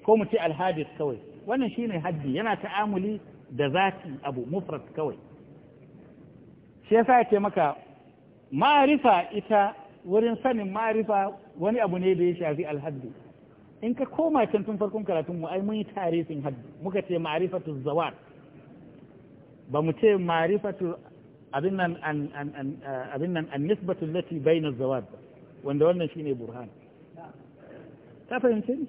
ko mu ce alhadis kawai wannan shine haddi yana ta'amuli da zati abu mufrad kawai shi yasa yake maka ma'arifa ita wurin sanin ma'arifa wani abu ne da ya shafi alhaddi in ka koma can tun farkon karatun mu ai mun yi tarihin haddu muka ce ma'rifatu zawar ba mu ce ma'rifatu abin nan an uh, abin nan an nisbatu lati bayna zawar wanda wannan shine burhan ka fahimce ni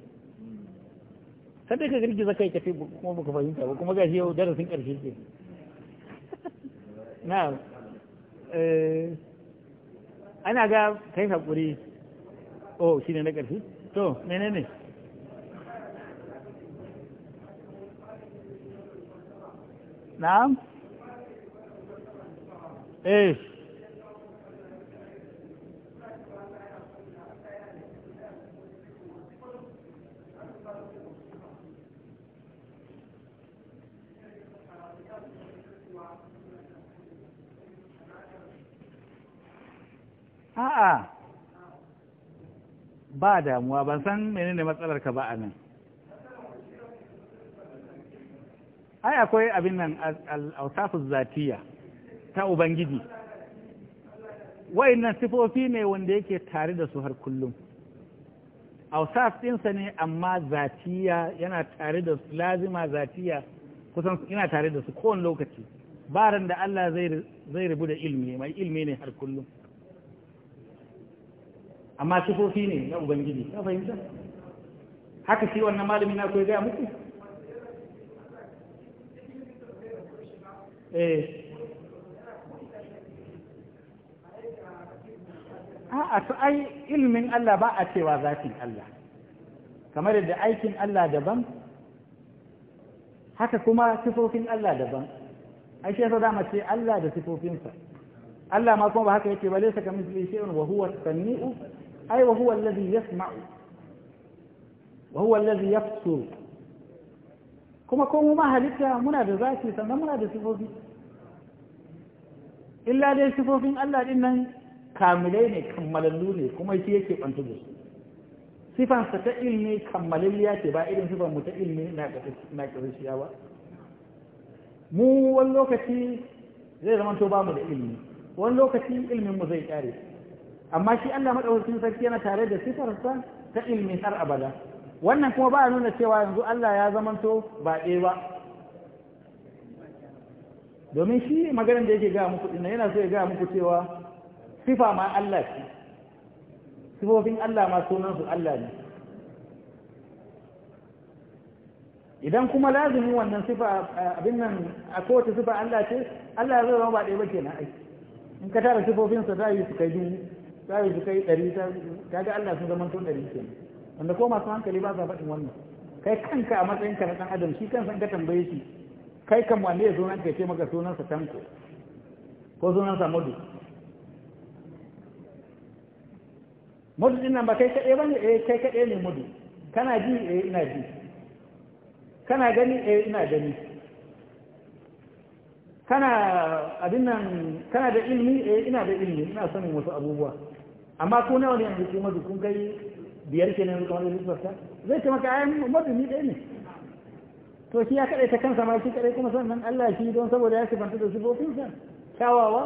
kada ka girgiza kai ka ce kuma baka fahimta ba kuma gashi yau darasin karshe ce na eh, ana ga kai hakuri oh shine na karshe to menene na'am eh a'a ba damuwa ban san menene matsalarka ba a nan ai akwai abin nan al'ausafus zatiya ta ubangiji wa'annan sifofi ne wanda yake tare da su har kullum ausaf ɗinsa ne amma zatiya yana tare da su lazima zatiya kusan yana tare da su kowane lokaci baran da Allah zai rubu da ilmi mai ilmi ne har kullum amma sifofi ne na ubangiji ka fahimta haka shi wannan malami na koyi gaya muku eh a'a to ai ilmin Allah ba a cewa zafin Allah kamar da aikin Allah daban haka kuma sifofin Allah daban ai shi yasa dama ce Allah da sifofinsa Allah ma kuma ba haka yake ba laysa kamithlihi shay'un wa huwa as-sami'u ai wa huwa alladhi yasma'u wa huwa alladhi yabsuru kuma ko mu ma halitta muna da zafi sannan muna da sifofi illa dai sifofin Allah din nan kamilai ne kammalallu ne kuma shi yake ɓanta da su sifansa ta ilmi kammalalliya ce ba irin sifan mu ta ilmi na ƙarshiya ba mu wani lokaci zai zama to bamu da ilmi wani lokaci ilmin mu zai ƙare amma shi Allah madaukakin sarki yana tare da sifarsa ta ilmi har abada wannan kuma ba nuna cewa yanzu Allah ya zamanto ba ɗaya ba domin shi maganin da yake gaya muku ɗin yana so ya gaya muku cewa sifa ma Allah ce sifofin Allah ma sunansu Allah ne idan kuma lazimin wannan sifa abin nan a kowace sifa Allah ce Allah ya zama ba ɗaya ba kenan ai in ka tara sifofinsa ta yi su kai dubu za yi su kai ɗari ta ga Allah sun zama to ɗari kenan wanda ko masu hankali ba sa faɗin wannan kai kanka a matsayin ka na ɗan adam shi kansa ka tambaye shi kai kan wanne ya sunan ka ce maka sunansa tanko ko sunansa Modu? Modu din nan ba kai kaɗai ba ne eh kai kaɗai ne Modu. kana ji eh ina ji kana gani eh ina gani kana abin nan kana da ilimi eh ina da ilimi ina sanin wasu abubuwa amma ku nawa ne yanzu ku madu kun kai biyar kenan kamar da nisbarta zai ce maka ayan madumi ɗaya ne to shi ya kaɗai ta kansa ma shi kaɗai kuma sannan Allah shi don saboda ya sifanta da sifofinsa kyawawa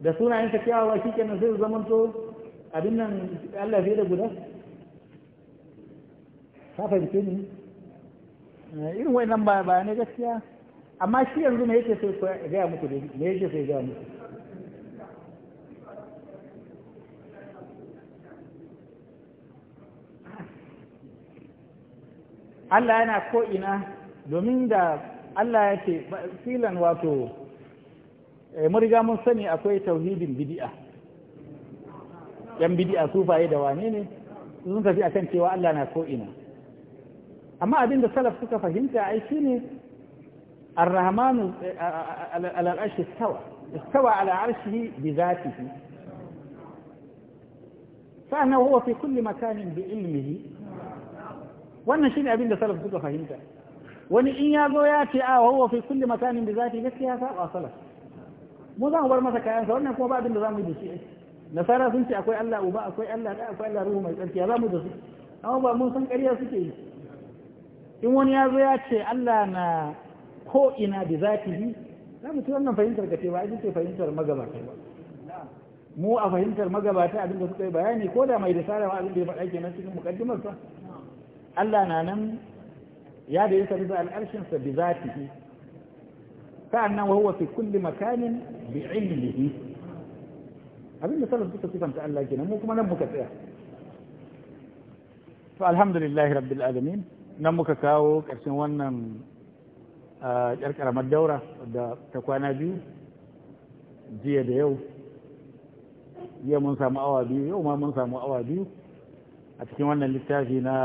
da sunayensa kyawawa shi kenan sai zaman to abin nan Allah fiye da guda ta fahimce ni eh, irin nan bayanai gaskiya amma shi yanzu me yake sai ya gaya muku dai me yake sai ya gaya muku Allah yana ko'ina domin da Allah ya ce filan wato eh, muriga mun sani akwai tauhidin bidi'a yan bidi'a sufaye da wane ne sun tafi akan cewa Allah na ko'ina amma abin da salaf suka fahimta ai shi ne arrahmanu eh, al'arshi stawa stawa al'arshi bi zatihi na huwa fi kulli makanin bi ilmihi wannan shine abin da salaf suka fahimta wani in ya zo ya ce a huwa fi kulli makanin da zati gaskiya saba salaf mu za mu bar masa kayan sa wannan kuma ba abin da za mu yi da shi nasara sun ce akwai Allah uba akwai Allah da akwai Allah ruhu mai tsarki ya za mu da su amma ba mun san ƙarya suke yi in wani ya zo ya ce Allah na ko ina da zatihi za mu ci wannan fahimtar ka ce ba ai ce fahimtar magabata ba mu a fahimtar magabata abin da suka yi bayani ko da mai risala wa abin da ya faɗa kenan cikin mukaddimarsa Allah na nan ya da yasa bisa al'arshinsa bi zatihi sa'annan nan huwa fi kulli makanin bi ilmihi abin da salaf suka sifanta Allah kenan mu kuma nan muka tsaya to alhamdulillahi rabbil alamin nan muka kawo ƙarshen wannan yar karamar daura da ta kwana biyu jiya da yau jiya mun samu awa biyu yau ma mun samu awa biyu a cikin wannan littafi na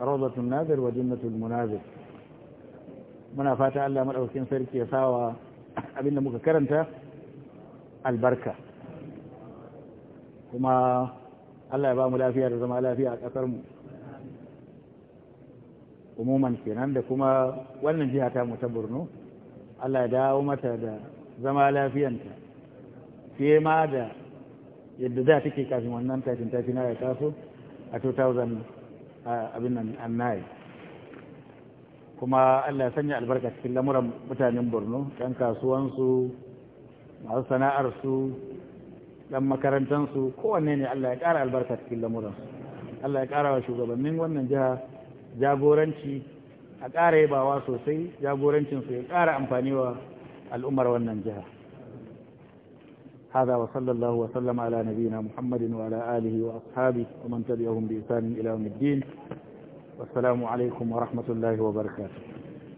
rawdatul nazir wa jannatul munazir muna fata Allah madaukakin sarki ya sawa abinda muka karanta albarka kuma Allah ya ba mu lafiya da zama lafiya a kasar mu umuman kenan da kuma wannan jiha ta mu ta Borno Allah ya dawo mata da zama lafiyanta fiye ma da yadda za take kafin wannan tashin tashi na ya taso a 2000 abin nan annai kuma Allah ya sanya albarka cikin lamuran mutanen Borno ɗan kasuwansu masu sana'arsu ɗan makarantansu kowanne ne Allah ya ƙara albarka cikin lamuransu Allah ya ƙara wa shugabannin wannan jiha jagoranci a ƙara yabawa sosai jagorancinsu ya ƙara amfani wa al'ummar wannan jiha هذا وصلى الله وسلم على نبينا محمد وعلى آله وأصحابه ومن تبعهم بإحسان إلى يوم الدين والسلام عليكم ورحمة الله وبركاته